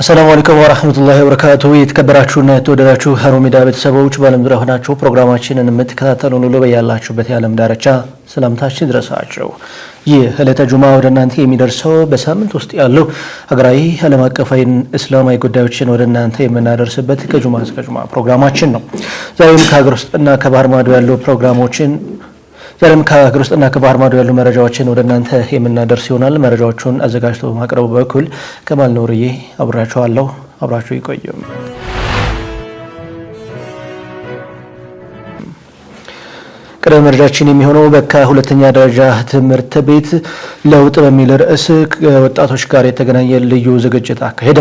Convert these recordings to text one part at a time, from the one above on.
አሰላሙ አለይኩም ወራህመቱላሂ ወበረካቱ። የተከበራችሁና የተወደዳችሁ ሀሩን ሚዲያ ቤተሰቦች በዓለም ዙሪያ ሆናችሁ ፕሮግራማችንን የምትከታተሉ ሁሉ በያላችሁበት የዓለም ዳርቻ ሰላምታችን ይድረሳችሁ። ይህ እለተ ጁማ ወደ እናንተ የሚደርሰው በሳምንት ውስጥ ያሉ ሀገራዊ፣ ዓለም አቀፋዊ፣ እስላማዊ ጉዳዮችን ወደ እናንተ የምናደርስበት ከጁማ እስከ ጁማ ፕሮግራማችን ነው። ዛሬም ከሀገር ውስጥና ከባህር ማዶ ያሉ ፕሮግራሞችን ዛሬም ከሀገር ውስጥና ከባህር ማዶ ያሉ መረጃዎችን ወደ እናንተ የምናደርስ ይሆናል። መረጃዎቹን አዘጋጅቶ በማቅረቡ በኩል ከማል ኖርዬ አብራችኋለሁ። አብራችሁ ይቆዩም። ቀዳሚ መረጃችን የሚሆነው በካ ሁለተኛ ደረጃ ትምህርት ቤት ለውጥ በሚል ርዕስ ከወጣቶች ጋር የተገናኘ ልዩ ዝግጅት አካሄደ።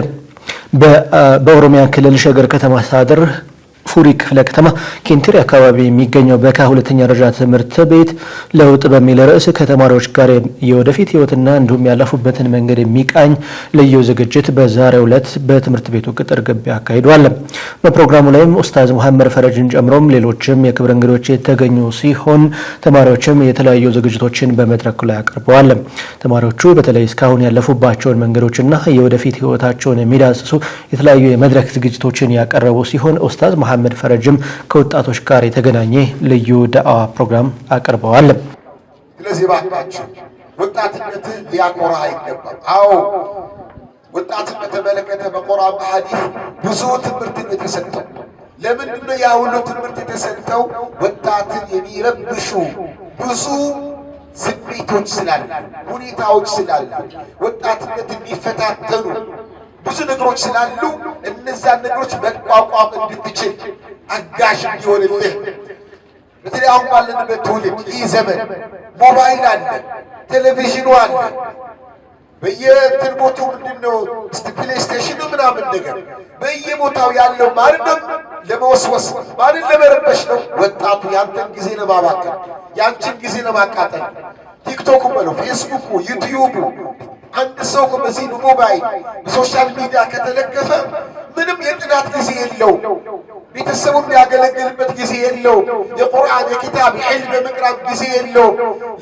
በኦሮሚያ ክልል ሸገር ከተማ አስተዳደር ፉሪ ክፍለ ከተማ ኬንቴሪ አካባቢ የሚገኘው በካ ሁለተኛ ደረጃ ትምህርት ቤት ለውጥ በሚል ርዕስ ከተማሪዎች ጋር የወደፊት ህይወትና እንዲሁም ያለፉበትን መንገድ የሚቃኝ ልዩ ዝግጅት በዛሬው ዕለት በትምህርት ቤቱ ቅጥር ግቢ አካሂዷል። በፕሮግራሙ ላይም ኡስታዝ መሐመድ ፈረጅን ጨምሮም ሌሎችም የክብር እንግዶች የተገኙ ሲሆን ተማሪዎችም የተለያዩ ዝግጅቶችን በመድረኩ ላይ አቅርበዋል። ተማሪዎቹ በተለይ እስካሁን ያለፉባቸውን መንገዶችና የወደፊት ህይወታቸውን የሚዳስሱ የተለያዩ የመድረክ ዝግጅቶችን ያቀረቡ ሲሆን ኡስታዝ መሐመድ ፈረጅም ከወጣቶች ጋር የተገናኘ ልዩ ደአዋ ፕሮግራም አቅርበዋል። ስለዚህ እባካችሁ ወጣትነት ሊያኮራ አይገባም። አዎ ወጣትን በተመለከተ በቁርአን በሐዲስ ብዙ ትምህርት የተሰጠው ለምንድን ነው ያ ሁሉ ትምህርት የተሰጠው? ወጣትን የሚረብሹ ብዙ ስሜቶች ስላሉ፣ ሁኔታዎች ስላሉ ወጣትነት የሚፈታተኑ ብዙ ነገሮች ስላሉ እነዛን ነገሮች መቋቋም እንድትችል አጋዥ እንዲሆንልህ በተለይ አሁን ባለንበት ትውልድ ይህ ዘመን ሞባይል አለ፣ ቴሌቪዥኑ አለ። በየትንቦቱ ምንድነው ፕሌይስቴሽኑ ምናምን ነገር በየቦታው ያለው ማንንም ለመወስወስ ማንን ለመረበሽ ነው። ወጣቱ ያንተን ጊዜ ለማባከል፣ ያንቺን ጊዜ ለማቃጠል ቲክቶኩ በለው ፌስቡኩ፣ ዩትዩቡ አንድ ሰው በዚህ ሞባይል በሶሻል ሚዲያ ከተለከፈ ምንም የጥናት ጊዜ የለው፣ ቤተሰቡ የሚያገለግልበት ጊዜ የለው፣ የቁርአን የኪታብ ዕልም የመቅራብ ጊዜ የለው።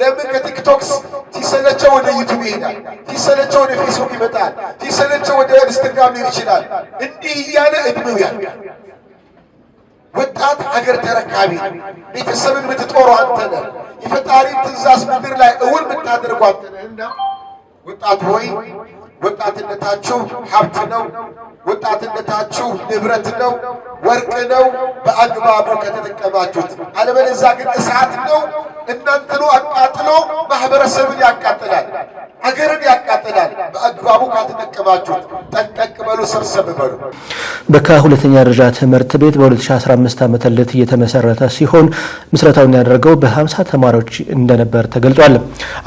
ለምን ከቲክቶክስ ሲሰለቸው ወደ ዩቱብ ይሄዳል፣ ሲሰለቸው ወደ ፌስቡክ ይመጣል፣ ሲሰለቸው ወደ ኢንስትግራም ሊሄድ ይችላል። እንዲህ እያለ እድሜው ያልቃል። ወጣት አገር ተረካቢ ቤተሰብን ምትጦሩ አንተነ የፈጣሪን ትእዛዝ ምድር ላይ እውን ምታደርጓ አንተነ ወጣት ሆይ ወጣትነታችሁ ሀብት ነው። ወጣትነታችሁ ንብረት ነው፣ ወርቅ ነው። በአግባቡ ከተጠቀማችሁት፣ አለበለዚያ ግን እሳት ነው። እናንተኑ አቃጥሎ ማህበረሰብን ያቃጥላል፣ አገርን ያቃጥላል። በአግባቡ ካልተጠቀማችሁት ጠንቀቅ በሉ፣ ሰብሰብ በሉ። በካ ሁለተኛ ደረጃ ትምህርት ቤት በ2015 ዓ ም እየተመሰረተ ሲሆን ምስረታውን ያደረገው በ50 ተማሪዎች እንደነበር ተገልጿል።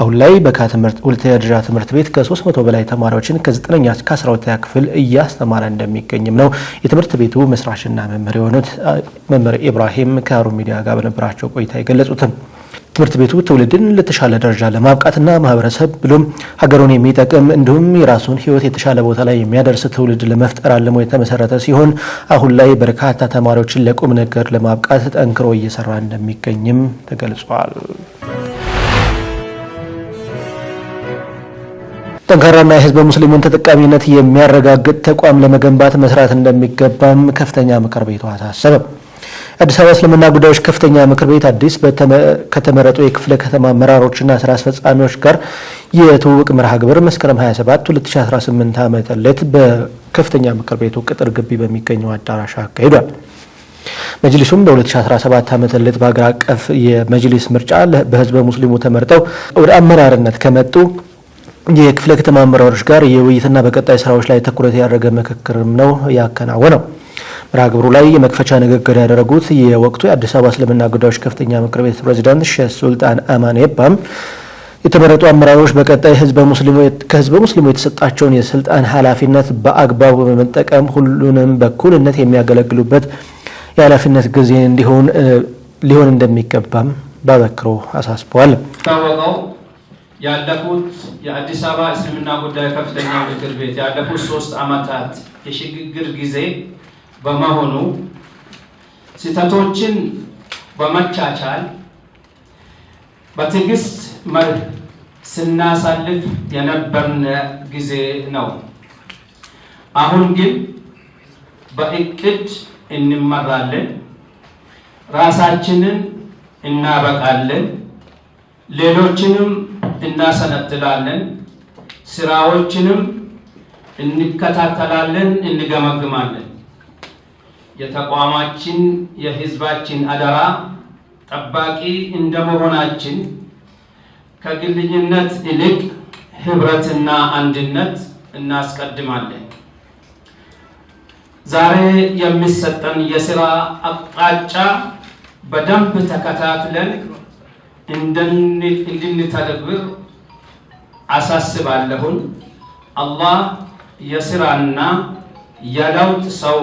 አሁን ላይ በካ ሁለተኛ ደረጃ ትምህርት ቤት ከ300 በላይ ተማሪዎችን ከ9ኛ እስከ 12ኛ ክፍል እያስተማረ እንደሚገኝም ነው የትምህርት ቤቱ መስራችና መምህር የሆኑት መምህር ኢብራሂም ከሩ ሚዲያ ጋር በነበራቸው ቆይታ የገለጹትም። ትምህርት ቤቱ ትውልድን ለተሻለ ደረጃ ለማብቃትና ማህበረሰብ ብሎም ሀገሩን የሚጠቅም እንዲሁም የራሱን ሕይወት የተሻለ ቦታ ላይ የሚያደርስ ትውልድ ለመፍጠር አልሞ የተመሰረተ ሲሆን አሁን ላይ በርካታ ተማሪዎችን ለቁም ነገር ለማብቃት ጠንክሮ እየሰራ እንደሚገኝም ተገልጿል። ጠንካራና የህዝበ ሙስሊሙን ተጠቃሚነት የሚያረጋግጥ ተቋም ለመገንባት መስራት እንደሚገባም ከፍተኛ ምክር ቤቱ አሳሰበ። አዲስ አበባ እስልምና ጉዳዮች ከፍተኛ ምክር ቤት አዲስ ከተመረጡ የክፍለ ከተማ አመራሮችና ስራ አስፈጻሚዎች ጋር የትውውቅ መርሃ ግብር መስከረም 27 2018 ዓ ም በከፍተኛ ምክር ቤቱ ቅጥር ግቢ በሚገኘው አዳራሽ አካሂዷል። መጅሊሱም በ2017 ዓመተ ልት በሀገር አቀፍ የመጅሊስ ምርጫ በህዝበ ሙስሊሙ ተመርጠው ወደ አመራርነት ከመጡ የክፍለ ከተማ አመራሮች ጋር የውይይትና በቀጣይ ስራዎች ላይ ትኩረት ያደረገ ምክክርም ነው ያከናወነው። መርሃ ግብሩ ላይ የመክፈቻ ንግግር ያደረጉት የወቅቱ የአዲስ አበባ እስልምና ጉዳዮች ከፍተኛ ምክር ቤት ፕሬዚዳንት ሼህ ሱልጣን አማን የባም የተመረጡ አመራሮች በቀጣይ ከህዝበ ሙስሊሙ የተሰጣቸውን የስልጣን ኃላፊነት በአግባቡ በመጠቀም ሁሉንም በኩልነት የሚያገለግሉበት የኃላፊነት ጊዜ እንዲሆን ሊሆን እንደሚገባም ባበክሮ አሳስበዋል። ያለፉት የአዲስ አበባ እስልምና ጉዳይ ከፍተኛ ምክር ቤት ያለፉት ሶስት ዓመታት የሽግግር ጊዜ በመሆኑ ስህተቶችን በመቻቻል በትዕግስት መርህ ስናሳልፍ የነበርን ጊዜ ነው። አሁን ግን በእቅድ እንመራለን፣ ራሳችንን እናበቃለን፣ ሌሎችንም እናሰነጥላለን፣ ስራዎችንም እንከታተላለን፣ እንገመግማለን። የተቋማችን የህዝባችን አደራ ጠባቂ እንደመሆናችን ከግልኝነት ይልቅ ህብረትና አንድነት እናስቀድማለን። ዛሬ የሚሰጠን የስራ አቅጣጫ በደንብ ተከታትለን እንድንተገብር አሳስባለሁን። አላህ የስራና የለውጥ ሰው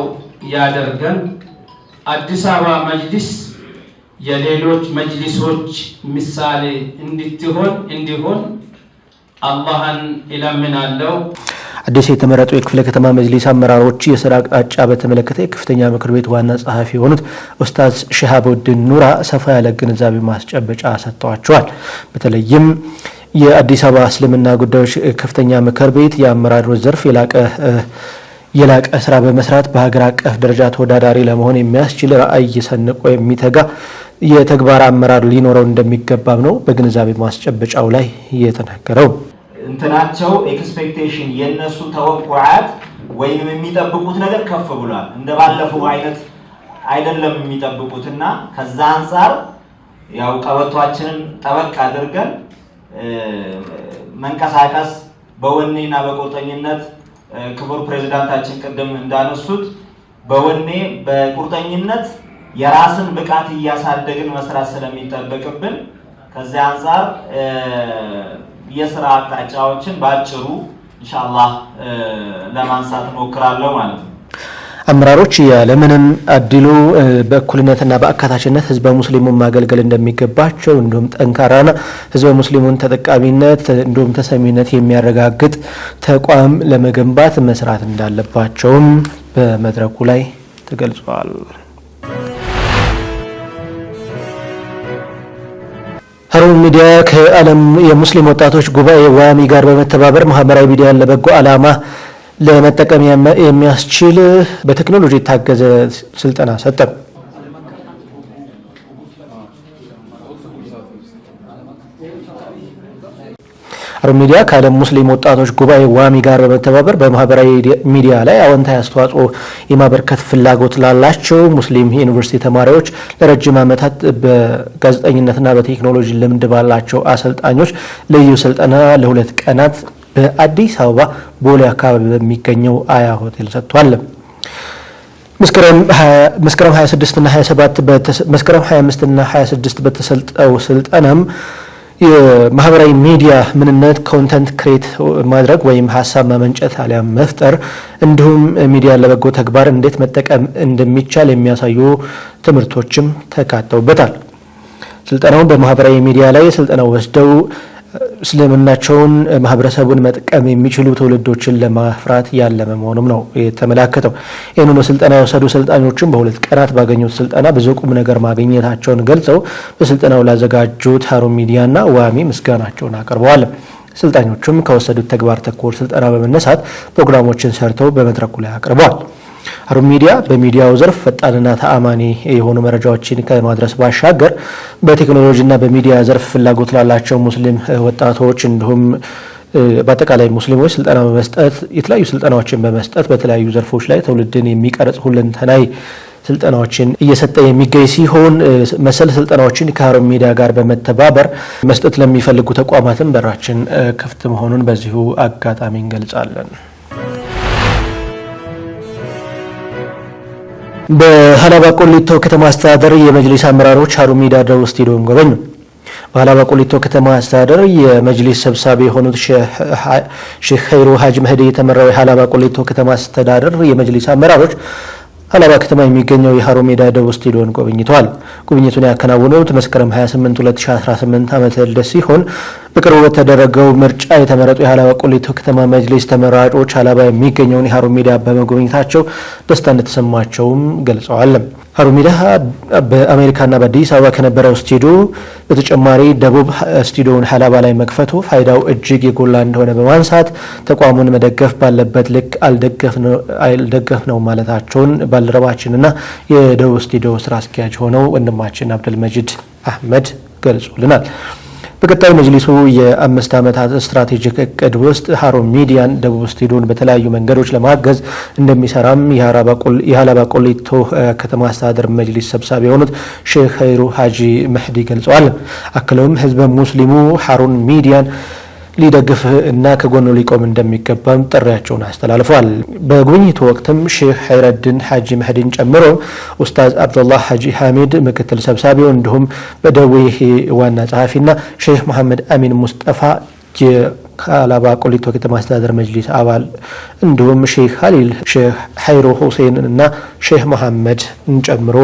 ያደርገን። አዲስ አበባ መጅሊስ የሌሎች መጅሊሶች ምሳሌ እንድትሆን እንዲሆን አላህን እለምናለሁ። አዲስ የተመረጡ የክፍለ ከተማ መጅሊስ አመራሮች የስራ አቅጣጫ በተመለከተ የከፍተኛ ምክር ቤት ዋና ጸሐፊ የሆኑት ኡስታዝ ሽሃቡዲን ኑራ ሰፋ ያለ ግንዛቤ ማስጨበጫ ሰጥተዋቸዋል። በተለይም የአዲስ አበባ እስልምና ጉዳዮች ከፍተኛ ምክር ቤት የአመራሮች ዘርፍ የላቀ የላቀ ስራ በመስራት በሀገር አቀፍ ደረጃ ተወዳዳሪ ለመሆን የሚያስችል ራዕይ ሰንቆ የሚተጋ የተግባር አመራር ሊኖረው እንደሚገባም ነው በግንዛቤ ማስጨበጫው ላይ የተናገረው። እንትናቸው ኤክስፔክቴሽን የእነሱ ተወቁዓት ወይም የሚጠብቁት ነገር ከፍ ብሏል። እንደ ባለፈው አይነት አይደለም የሚጠብቁት እና ከዛ አንጻር ያው ቀበቷችንን ጠበቅ አድርገን መንቀሳቀስ በወኔና በቁርጠኝነት ክቡር ፕሬዚዳንታችን ቅድም እንዳነሱት በወኔ በቁርጠኝነት የራስን ብቃት እያሳደግን መስራት ስለሚጠበቅብን ከዚያ አንጻር የስራ አቅጣጫዎችን በአጭሩ ኢንሻአላህ ለማንሳት እሞክራለሁ ማለት ነው። አመራሮች ያለምንም አድሎ በእኩልነትና በአካታችነት ህዝበ ሙስሊሙን ማገልገል እንደሚገባቸው እንዲሁም ጠንካራና ህዝበ ሙስሊሙን ተጠቃሚነት እንዲሁም ተሰሚነት የሚያረጋግጥ ተቋም ለመገንባት መስራት እንዳለባቸውም በመድረኩ ላይ ተገልጿል። ሀሩን ሚዲያ ከዓለም የሙስሊም ወጣቶች ጉባኤ ዋሚ ጋር በመተባበር ማህበራዊ ሚዲያን ለበጎ ዓላማ ለመጠቀም የሚያስችል በቴክኖሎጂ የታገዘ ስልጠና ሰጠም። አሮን ሚዲያ ከዓለም ሙስሊም ወጣቶች ጉባኤ ዋሚ ጋር በመተባበር በማህበራዊ ሚዲያ ላይ አዎንታዊ አስተዋጽኦ የማበርከት ፍላጎት ላላቸው ሙስሊም ዩኒቨርሲቲ ተማሪዎች ለረጅም ዓመታት በጋዜጠኝነትና በቴክኖሎጂ ልምድ ባላቸው አሰልጣኞች ልዩ ስልጠና ለሁለት ቀናት በአዲስ አበባ ቦሌ አካባቢ በሚገኘው አያ ሆቴል ሰጥቷል። መስከረም 25 እና 26 በተሰጠው ስልጠናም የማህበራዊ ሚዲያ ምንነት ኮንተንት ክሬት ማድረግ ወይም ሀሳብ መመንጨት አሊያም መፍጠር እንዲሁም ሚዲያ ለበጎ ተግባር እንዴት መጠቀም እንደሚቻል የሚያሳዩ ትምህርቶችም ተካተውበታል። ስልጠናውን በማህበራዊ ሚዲያ ላይ ስልጠና ወስደው እስልምናቸውን ማህበረሰቡን መጥቀም የሚችሉ ትውልዶችን ለማፍራት ያለመ መሆኑም ነው የተመላከተው። ይህንኑ ስልጠና የወሰዱ ሰልጣኞችም በሁለት ቀናት ባገኙት ስልጠና ብዙ ቁም ነገር ማግኘታቸውን ገልጸው በስልጠናው ላዘጋጁት ሀሩን ሚዲያና ዋሚ ምስጋናቸውን አቅርበዋል። ስልጣኞቹም ከወሰዱት ተግባር ተኮር ስልጠና በመነሳት ፕሮግራሞችን ሰርተው በመድረኩ ላይ አቅርበዋል። ሀሩን ሚዲያ በሚዲያው ዘርፍ ፈጣንና ተአማኒ የሆኑ መረጃዎችን ከማድረስ ባሻገር በቴክኖሎጂና በሚዲያ ዘርፍ ፍላጎት ላላቸው ሙስሊም ወጣቶች እንዲሁም በአጠቃላይ ሙስሊሞች ስልጠና በመስጠት የተለያዩ ስልጠናዎችን በመስጠት በተለያዩ ዘርፎች ላይ ትውልድን የሚቀርጽ ሁለንተናይ ስልጠናዎችን እየሰጠ የሚገኝ ሲሆን መሰል ስልጠናዎችን ከሀሩን ሚዲያ ጋር በመተባበር መስጠት ለሚፈልጉ ተቋማትን በራችን ክፍት መሆኑን በዚሁ አጋጣሚ እንገልጻለን። በሀላባ ቆሊቶ ከተማ አስተዳደር የመጅሊስ አመራሮች ሀሩሚ ዳዳ ስቴዲየም ጎበኙ። በሀላባ ቆሊቶ ከተማ አስተዳደር የመጅሊስ ሰብሳቢ የሆኑት ሼህ ኸይሩ ሀጅ መህዲ የተመራው የሀላባ ቆሊቶ ከተማ አስተዳደር የመጅሊስ አመራሮች ሀላባ ከተማ የሚገኘው የሀሮ ሜዳ ደቡብ ስቴዲዮን ጎብኝተዋል። ጉብኝቱን ያከናወኑት መስከረም 28 2018 ዓመተ ልደት ሲሆን በቅርቡ በተደረገው ምርጫ የተመረጡ የሀላባ ቆሊቶ ከተማ መጅሊስ ተመራጮች ሀላባ የሚገኘውን የሀሮ ሜዳ በመጎብኘታቸው ደስታ እንደተሰማቸውም ገልጸዋል። ሀሩሚላህ በአሜሪካና በአዲስ አበባ ከነበረው ስቱዲዮ በተጨማሪ ደቡብ ስቱዲዮውን ሀላባ ላይ መክፈቱ ፋይዳው እጅግ የጎላ እንደሆነ በማንሳት ተቋሙን መደገፍ ባለበት ልክ አልደገፍ ነው ማለታቸውን ባልደረባችንና የደቡብ ስቱዲዮ ስራ አስኪያጅ ሆነው ወንድማችን አብደል አህመድ ገልጾልናል። በቀጣዩ መጅሊሱ የአምስት ዓመታት ስትራቴጂክ እቅድ ውስጥ ሀሩን ሚዲያን ደቡብ ስቱዲዮን በተለያዩ መንገዶች ለማገዝ እንደሚሰራም የሀላባ ቆሊቶ ከተማ አስተዳደር መጅሊስ ሰብሳቢ የሆኑት ሼክ ኸይሩ ሀጂ መህዲ ገልጸዋል። አክለውም ህዝበ ሙስሊሙ ሀሩን ሚዲያን ሊደግፍ እና ከጎኑ ሊቆም እንደሚገባም ጥሪያቸውን አስተላልፏል። በጉብኝቱ ወቅትም ሼህ ሀይረድን ሐጂ መህዲን ጨምሮ ኡስታዝ አብዱላህ ሐጂ ሐሚድ ምክትል ሰብሳቢው እንዲሁም በደዌ ዋና ጸሐፊና ሼህ መሐመድ አሚን ሙስጠፋ ከአላባ ቆሊቶ ከተማ አስተዳደር መጅሊስ አባል እንዲሁም ሼህ ሀሊል ሼህ ሐይሮ ሁሴን እና ሼህ መሐመድን ጨምሮ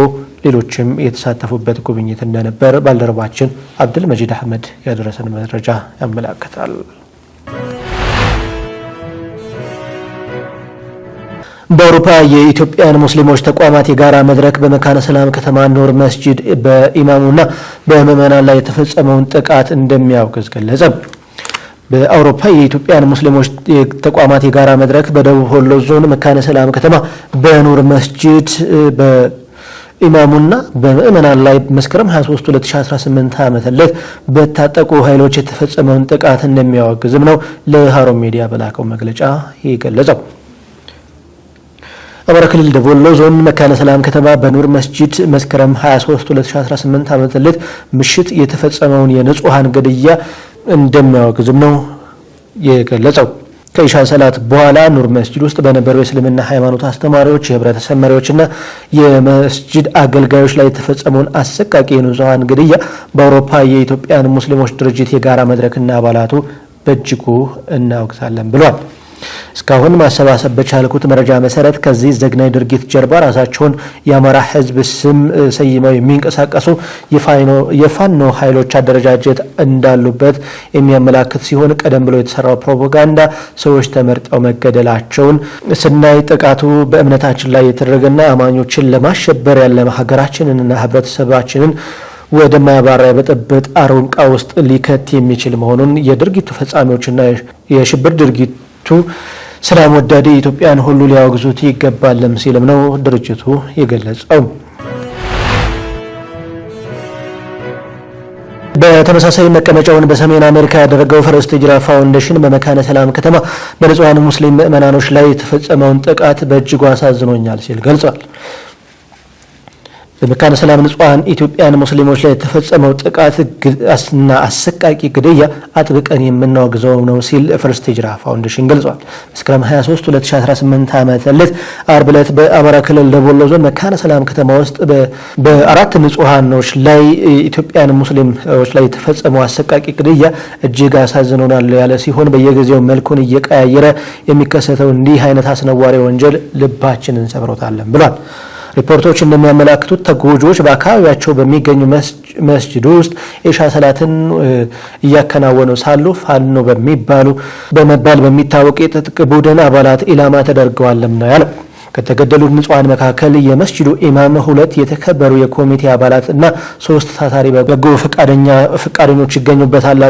ሌሎችም የተሳተፉበት ጉብኝት እንደነበር ባልደረባችን አብድል መጂድ አህመድ ያደረሰን መረጃ ያመላክታል። በአውሮፓ የኢትዮጵያን ሙስሊሞች ተቋማት የጋራ መድረክ በመካነ ሰላም ከተማ ኑር መስጂድ በኢማሙና በምዕመናን ላይ የተፈጸመውን ጥቃት እንደሚያወግዝ ገለጸ። በአውሮፓ የኢትዮጵያን ሙስሊሞች ተቋማት የጋራ መድረክ በደቡብ ወሎ ዞን መካነ ሰላም ከተማ በኑር መስጂድ ኢማሙና በምእመናን ላይ መስከረም 23 2018 ዓ ለት በታጠቁ ኃይሎች የተፈጸመውን ጥቃት እንደሚያወግዝም ነው ለሃሩን ሚዲያ በላከው መግለጫ የገለጸው። አማራ ክልል ደቡብ ወሎ ዞን መካነ ሰላም ከተማ በኑር መስጂድ መስከረም 23 2018 ዓ ለት ምሽት የተፈጸመውን የንጹሐን ግድያ እንደሚያወግዝም ነው የገለጸው። ከኢሻ ሰላት በኋላ ኑር መስጅድ ውስጥ በነበሩ የእስልምና ሃይማኖት አስተማሪዎች፣ የህብረተሰብ መሪዎችና የመስጅድ አገልጋዮች ላይ የተፈጸመውን አሰቃቂ የንጹሐን ግድያ በአውሮፓ የኢትዮጵያን ሙስሊሞች ድርጅት የጋራ መድረክና አባላቱ በእጅጉ እናወግዛለን ብሏል። እስካሁን ማሰባሰብ በቻልኩት መረጃ መሰረት ከዚህ ዘግናኝ ድርጊት ጀርባ ራሳቸውን የአማራ ሕዝብ ስም ሰይመው የሚንቀሳቀሱ የፋኖ ኃይሎች አደረጃጀት እንዳሉበት የሚያመላክት ሲሆን ቀደም ብሎ የተሰራው ፕሮፓጋንዳ ሰዎች ተመርጠው መገደላቸውን ስናይ ጥቃቱ በእምነታችን ላይ የተደረገና አማኞችን ለማሸበር ያለ ሀገራችንንና ህብረተሰባችንን ወደ ማባሪያ በጥብጥ አሮንቃ ውስጥ ሊከት የሚችል መሆኑን የድርጊቱ ፈጻሚዎችና የሽብር ድርጊት ሰላም ወዳዴ ኢትዮጵያን ሁሉ ሊያወግዙት ይገባልም ሲልም ነው ድርጅቱ የገለጸው። በተመሳሳይ መቀመጫውን በሰሜን አሜሪካ ያደረገው ፈረስት ጅራ ፋውንዴሽን በመካነ ሰላም ከተማ በንጹሐን ሙስሊም ምዕመናኖች ላይ የተፈጸመውን ጥቃት በእጅጉ አሳዝኖኛል ሲል ገልጿል። በመካነ ሰላም ንጹሐን ኢትዮጵያን ሙስሊሞች ላይ የተፈጸመው ጥቃትና አሰቃቂ ግድያ አጥብቀን የምናወግዘው ነው ሲል ፈርስት ሂጅራ ፋውንዴሽን ገልጿል። መስከረም 23 2018 ዓመተ ምህረት አርብ ዕለት በአማራ ክልል ደቦሎ ዞን መካነ ሰላም ከተማ ውስጥ በአራት ንጹሐኖች ላይ ኢትዮጵያን ሙስሊሞች ላይ የተፈጸመው አሰቃቂ ግድያ እጅግ አሳዝኖናል ያለ ሲሆን በየጊዜው መልኩን እየቀያየረ የሚከሰተው እንዲህ አይነት አስነዋሪ ወንጀል ልባችንን ሰብሮታለን ብሏል። ሪፖርቶች እንደሚያመላክቱት ተጎጂዎች በአካባቢያቸው በሚገኙ መስጅድ ውስጥ ኢሻ ሰላትን እያከናወኑ ሳሉ ፋኖ በሚባሉ በመባል በሚታወቅ የትጥቅ ቡድን አባላት ኢላማ ተደርገዋልም ነው ያለው። ከተገደሉት ምጽዋን መካከል የመስጅዱ ኢማም፣ ሁለት የተከበሩ የኮሚቴ አባላት እና ሶስት ታታሪ በጎ ፈቃደኛ ፈቃደኞች ይገኙበታል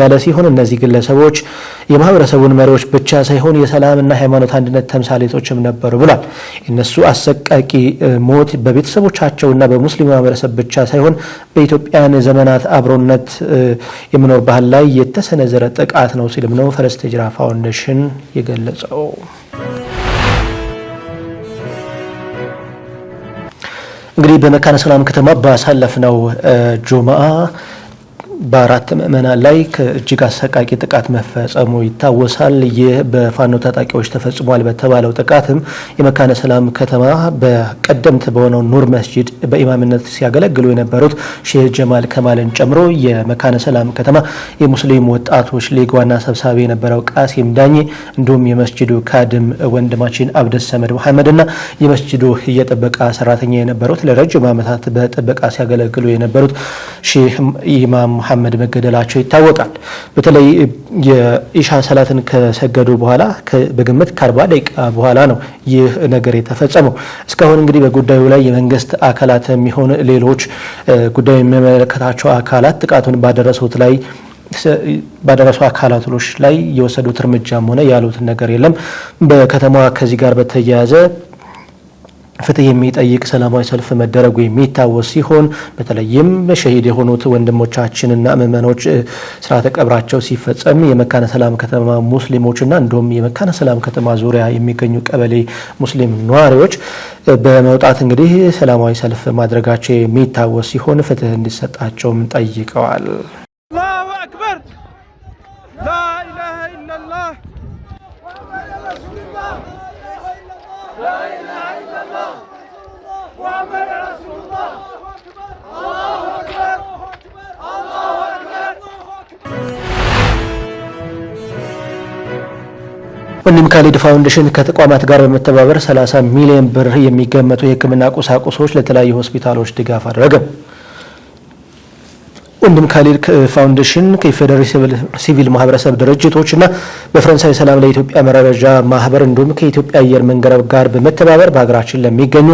ያለ ሲሆን እነዚህ ግለሰቦች የማህበረሰቡን መሪዎች ብቻ ሳይሆን የሰላምና ሃይማኖት አንድነት ተምሳሌቶችም ነበሩ ብሏል። እነሱ አሰቃቂ ሞት በቤተሰቦቻቸውና በሙስሊም ማህበረሰብ ብቻ ሳይሆን በኢትዮጵያን ዘመናት አብሮነት የመኖር ባህል ላይ የተሰነዘረ ጥቃት ነው ሲልም ነው ፈለስተጅራ ፋውንዴሽን የገለጸው። እንግዲህ በመካነ ሰላም ከተማ ባሳለፍነው ጆማአ በአራት ምዕመናን ላይ ከእጅግ አሰቃቂ ጥቃት መፈጸሙ ይታወሳል። ይህ በፋኖ ታጣቂዎች ተፈጽሟል በተባለው ጥቃትም የመካነ ሰላም ከተማ በቀደምት በሆነው ኑር መስጂድ በኢማምነት ሲያገለግሉ የነበሩት ሼህ ጀማል ከማልን ጨምሮ የመካነ ሰላም ከተማ የሙስሊም ወጣቶች ሊግ ዋና ሰብሳቢ የነበረው ቃሲም ዳኜ እንዲሁም የመስጂዱ ካድም ወንድማችን አብደሰመድ መሐመድ መሐመድና የመስጂዱ የጥበቃ ሰራተኛ የነበሩት ለረጅም ዓመታት በጥበቃ ሲያገለግሉ የነበሩት ሼህ ኢማም መሐመድ መገደላቸው ይታወቃል። በተለይ የኢሻ ሰላትን ከሰገዱ በኋላ በግምት ከአርባ ደቂቃ በኋላ ነው ይህ ነገር የተፈጸመው። እስካሁን እንግዲህ በጉዳዩ ላይ የመንግስት አካላት የሚሆን ሌሎች ጉዳዩ የሚመለከታቸው አካላት ጥቃቱን ባደረሱት ላይ ባደረሱ አካላቶች ላይ የወሰዱት እርምጃም ሆነ ያሉትን ነገር የለም። በከተማዋ ከዚህ ጋር በተያያዘ ፍትህ የሚጠይቅ ሰላማዊ ሰልፍ መደረጉ የሚታወስ ሲሆን በተለይም ሸሂድ የሆኑት ወንድሞቻችንና ምዕመኖች ስርዓተ ቀብራቸው ሲፈጸም የመካነ ሰላም ከተማ ሙስሊሞችና እንዲሁም የመካነ ሰላም ከተማ ዙሪያ የሚገኙ ቀበሌ ሙስሊም ነዋሪዎች በመውጣት እንግዲህ ሰላማዊ ሰልፍ ማድረጋቸው የሚታወስ ሲሆን ፍትህ እንዲሰጣቸውም ጠይቀዋል። ወንድም ካሊድ ፋውንዴሽን ከተቋማት ጋር በመተባበር 30 ሚሊዮን ብር የሚገመቱ የሕክምና ቁሳቁሶች ለተለያዩ ሆስፒታሎች ድጋፍ አደረገ። ወንድም ካሊድ ፋውንዴሽን ከኢፌዴሪ ሲቪል ማህበረሰብ ድርጅቶችና በፈረንሳይ ሰላም ለኢትዮጵያ መረጃ ማህበር እንዲሁም ከኢትዮጵያ አየር መንገድ ጋር በመተባበር በሀገራችን ለሚገኙ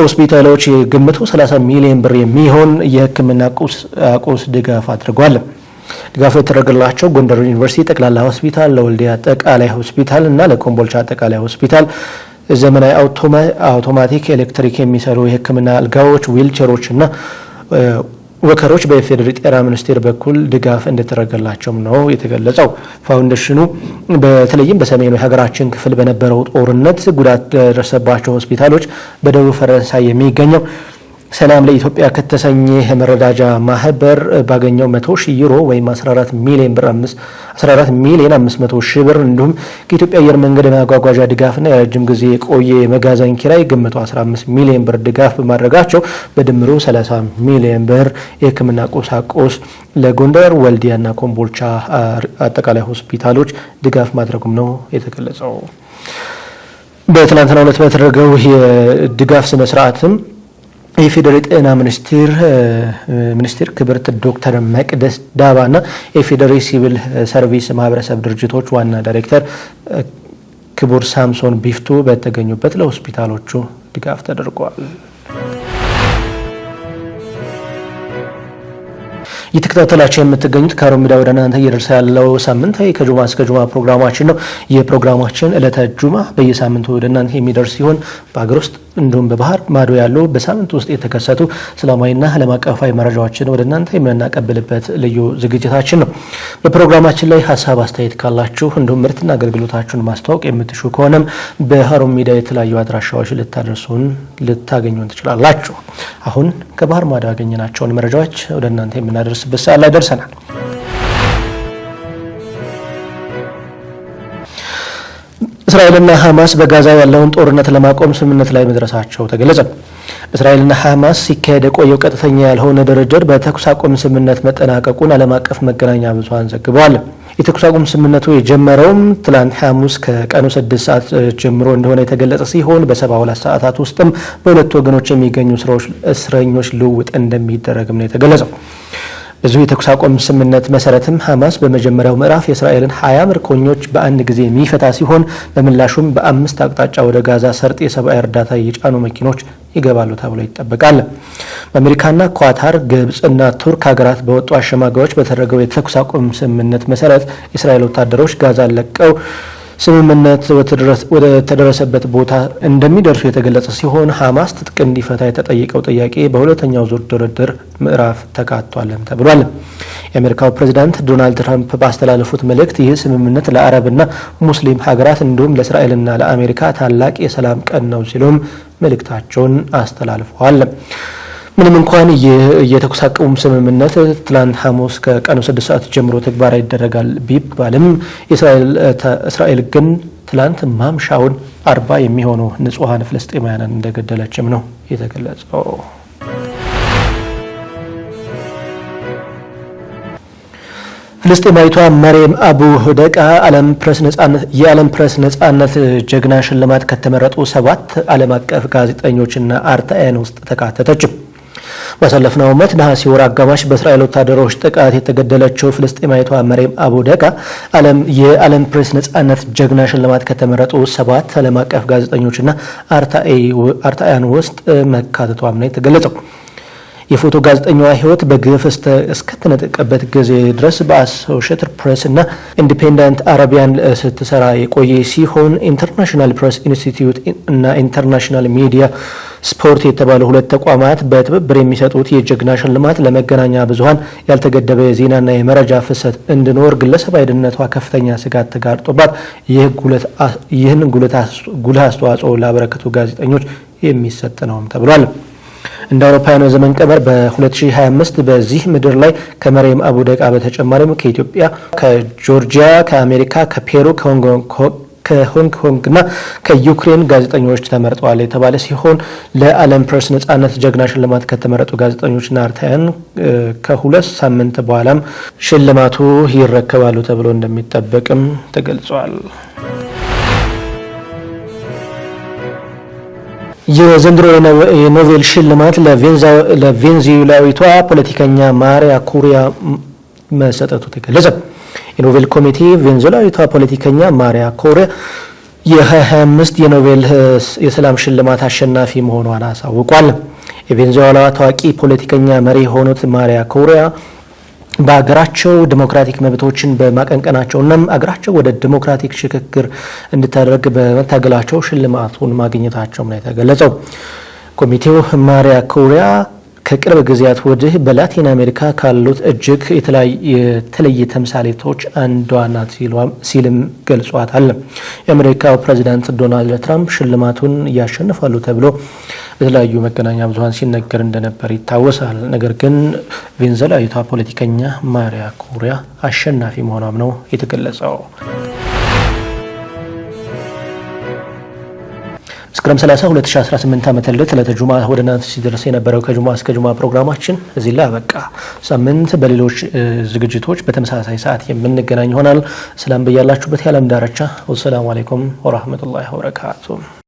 ሆስፒታሎች ግምቱ 30 ሚሊዮን ብር የሚሆን የህክምና ቁሳቁስ ድጋፍ አድርጓል። ድጋፍ የተደረገላቸው ጎንደር ዩኒቨርሲቲ ጠቅላላ ሆስፒታል፣ ለወልዲያ አጠቃላይ ሆስፒታል እና ለኮምቦልቻ አጠቃላይ ሆስፒታል ዘመናዊ አውቶማቲክ ኤሌክትሪክ የሚሰሩ የሕክምና አልጋዎች፣ ዊልቸሮች እና ወከሮች በኢፌዴሪ ጤና ሚኒስቴር በኩል ድጋፍ እንደተደረገላቸውም ነው የተገለጸው። ፋውንዴሽኑ በተለይም በሰሜኑ የሀገራችን ክፍል በነበረው ጦርነት ጉዳት ደረሰባቸው ሆስፒታሎች በደቡብ ፈረንሳይ የሚገኘው ሰላም ለኢትዮጵያ ከተሰኘ የመረዳጃ ማህበር ባገኘው 100 ሺህ ዩሮ ወይም 14 ሚሊዮን ብር 14 ሚሊዮን 500 ሺህ ብር እንዲሁም ከኢትዮጵያ አየር መንገድ የማጓጓዣ ድጋፍና የረጅም ጊዜ የቆየ የመጋዘን ኪራይ ግምቱ 15 ሚሊዮን ብር ድጋፍ በማድረጋቸው በድምሩ 30 ሚሊዮን ብር የሕክምና ቁሳቁስ ለጎንደር ወልዲያና ኮምቦልቻ አጠቃላይ ሆስፒታሎች ድጋፍ ማድረጉም ነው የተገለጸው። በትናንትናው ዕለት በተደረገው የድጋፍ ስነ ስርዓትም የፌዴራል ጤና ሚኒስቴር ሚኒስቴር ክብርት ዶክተር መቅደስ ና የፌዴራል ሲቪል ሰርቪስ ማህበረሰብ ድርጅቶች ዋና ዳይሬክተር ክቡር ሳምሶን ቢፍቱ በተገኙበት ለሆስፒታሎቹ ድጋፍ ተደርጓል። የተከታተላቸው የምትገኙት ከሀሩን ሚዲያ ወደ እናንተ እየደርሰ ያለው ሳምንታዊ ከጁማ እስከ ጁማ ፕሮግራማችን ነው። የፕሮግራማችን እለተ ጁማ በየሳምንቱ ወደ እናንተ የሚደርስ ሲሆን በሀገር ውስጥ እንዲሁም በባህር ማዶ ያሉ በሳምንት ውስጥ የተከሰቱ ሰላማዊና ዓለም አቀፋዊ መረጃዎችን ወደ እናንተ የምናቀብልበት ልዩ ዝግጅታችን ነው። በፕሮግራማችን ላይ ሀሳብ አስተያየት ካላችሁ እንዲሁም ምርትና አገልግሎታችሁን ማስተዋወቅ የምትሹ ከሆነም በሀሩን ሚዲያ የተለያዩ አድራሻዎች ልታደርሱን ልታገኙን ትችላላችሁ። አሁን ከባህር ማዶ ያገኘናቸውን መረጃዎች ወደ እናንተ የምናደርስበት ሰዓት ላይ ደርሰናል። እስራኤልና ሐማስ በጋዛ ያለውን ጦርነት ለማቆም ስምምነት ላይ መድረሳቸው ተገለጸ። እስራኤልና ሐማስ ሲካሄድ የቆየው ቀጥተኛ ያልሆነ ድርድር በተኩስ አቁም ስምምነት መጠናቀቁን ዓለም አቀፍ መገናኛ ብዙሃን ዘግበዋል። የተኩስ አቁም ስምምነቱ የጀመረውም ትላንት ሐሙስ ከቀኑ ስድስት ሰዓት ጀምሮ እንደሆነ የተገለጸ ሲሆን በሰባ ሁለት ሰዓታት ውስጥም በሁለቱ ወገኖች የሚገኙ እስረኞች ልውውጥ እንደሚደረግም ነው የተገለጸው። በዚሁ የተኩስ አቁም ስምምነት መሰረትም ሐማስ በመጀመሪያው ምዕራፍ የእስራኤልን ሀያ ምርኮኞች በአንድ ጊዜ የሚፈታ ሲሆን በምላሹም በአምስት አቅጣጫ ወደ ጋዛ ሰርጥ የሰብአዊ እርዳታ የጫኑ መኪኖች ይገባሉ ተብሎ ይጠበቃል። በአሜሪካና ኳታር፣ ግብፅና ቱርክ ሀገራት በወጡ አሸማጋዮች በተደረገው የተኩስ አቁም ስምምነት መሰረት የእስራኤል ወታደሮች ጋዛን ለቀው ስምምነት ወደ ተደረሰበት ቦታ እንደሚደርሱ የተገለጸ ሲሆን ሐማስ ትጥቅ እንዲፈታ የተጠየቀው ጥያቄ በሁለተኛው ዙር ድርድር ምዕራፍ ተካቷለም ተብሏል። የአሜሪካው ፕሬዚዳንት ዶናልድ ትራምፕ ባስተላለፉት መልእክት ይህ ስምምነት ለአረብና ሙስሊም ሀገራት እንዲሁም ለእስራኤልና ለአሜሪካ ታላቅ የሰላም ቀን ነው ሲሉም መልእክታቸውን አስተላልፈዋል። ምንም እንኳን የተኩስ አቁም ስምምነት ትላንት ሐሙስ ከቀኑ ስድስት ሰዓት ጀምሮ ተግባራዊ ይደረጋል ቢባልም እስራኤል ግን ትላንት ማምሻውን አርባ የሚሆኑ ንጹሐን ፍልስጤማውያንን እንደገደለችም ነው የተገለጸው። ፍልስጤማዊቷ መሬም አቡ ደቃ የዓለም ፕሬስ ነጻነት ጀግና ሽልማት ከተመረጡ ሰባት ዓለም አቀፍ ጋዜጠኞችና አርታያን ውስጥ ተካተተችም። ባሳለፍነው ዓመት ነሐሴ ወር አጋማሽ በእስራኤል ወታደሮች ጥቃት የተገደለችው ፍልስጤማዊቷ መሬም አቡ ደቃ የዓለም ፕሬስ ነጻነት ጀግና ሽልማት ከተመረጡ ሰባት ዓለም አቀፍ ጋዜጠኞችና አርታያን ውስጥ መካተቷም ነው የተገለጸው። የፎቶ ጋዜጠኛዋ ሕይወት በግፍ እስከተነጠቀበት ጊዜ ድረስ በአሶሼትድ ፕሬስ እና ኢንዲፔንደንት አረቢያን ስትሰራ የቆየ ሲሆን ኢንተርናሽናል ፕሬስ ኢንስቲትዩት እና ኢንተርናሽናል ሚዲያ ስፖርት የተባሉ ሁለት ተቋማት በትብብር የሚሰጡት የጀግና ሽልማት ለመገናኛ ብዙኃን ያልተገደበ የዜናና የመረጃ ፍሰት እንዲኖር ግለሰባዊ ደህንነቷ ከፍተኛ ስጋት ተጋርጦባት ይህን ጉልህ አስተዋጽኦ ላበረከቱ ጋዜጠኞች የሚሰጥ ነውም ተብሏል። እንደ አውሮፓውያኑ ዘመን ቀመር በ2025 በዚህ ምድር ላይ ከመሬም አቡደቃ በተጨማሪም ከኢትዮጵያ፣ ከጆርጂያ፣ ከአሜሪካ፣ ከፔሩ፣ ከሆንግ ኮንግ እና ከዩክሬን ጋዜጠኞች ተመርጠዋል የተባለ ሲሆን ለዓለም ፕሬስ ነጻነት ጀግና ሽልማት ከተመረጡ ጋዜጠኞችና አርታያን ከሁለት ሳምንት በኋላም ሽልማቱ ይረከባሉ ተብሎ እንደሚጠበቅም ተገልጿል። የዘንድሮ የኖቬል ሽልማት ለቬንዙዌላዊቷ ፖለቲከኛ ማሪያ ኩሪያ መሰጠቱ ተገለጸ። የኖቤል ኮሚቴ ቬንዙላዊቷ ፖለቲከኛ ማሪያ ኮሪያ የ2025 የኖቤል የሰላም ሽልማት አሸናፊ መሆኗን አሳውቋል። የቬንዙዌላ ታዋቂ ፖለቲከኛ መሪ የሆኑት ማሪያ ኮሪያ በሀገራቸው ዲሞክራቲክ መብቶችን በማቀንቀናቸው እናም አገራቸው ወደ ዲሞክራቲክ ሽግግር እንድታደርግ በመታገላቸው ሽልማቱን ማግኘታቸው ነው የተገለጸው። ኮሚቴው ማሪያ ኮሪያ ከቅርብ ጊዜያት ወዲህ በላቲን አሜሪካ ካሉት እጅግ የተለየ ተምሳሌቶች አንዷ ናት ሲልም ገልጿታል። የአሜሪካው ፕሬዚዳንት ዶናልድ ትራምፕ ሽልማቱን ያሸንፋሉ ተብሎ በተለያዩ መገናኛ ብዙኃን ሲነገር እንደነበር ይታወሳል። ነገር ግን ቬንዙዌላዊቷ ፖለቲከኛ ማሪያ ኩሪያ አሸናፊ መሆኗም ነው የተገለጸው። መስከረም 30 2018 ዓ.ም ዕለተ ጁማ ወደ እናንተ ሲደርስ የነበረው ከጁማ እስከ ጁማ ፕሮግራማችን እዚህ ላይ አበቃ። ሳምንት በሌሎች ዝግጅቶች በተመሳሳይ ሰዓት የምንገናኝ ይሆናል። ሰላም በያላችሁበት የዓለም ዳርቻ ወሰላሙ አሌይኩም ወራህመቱላሂ ወበረካቱ።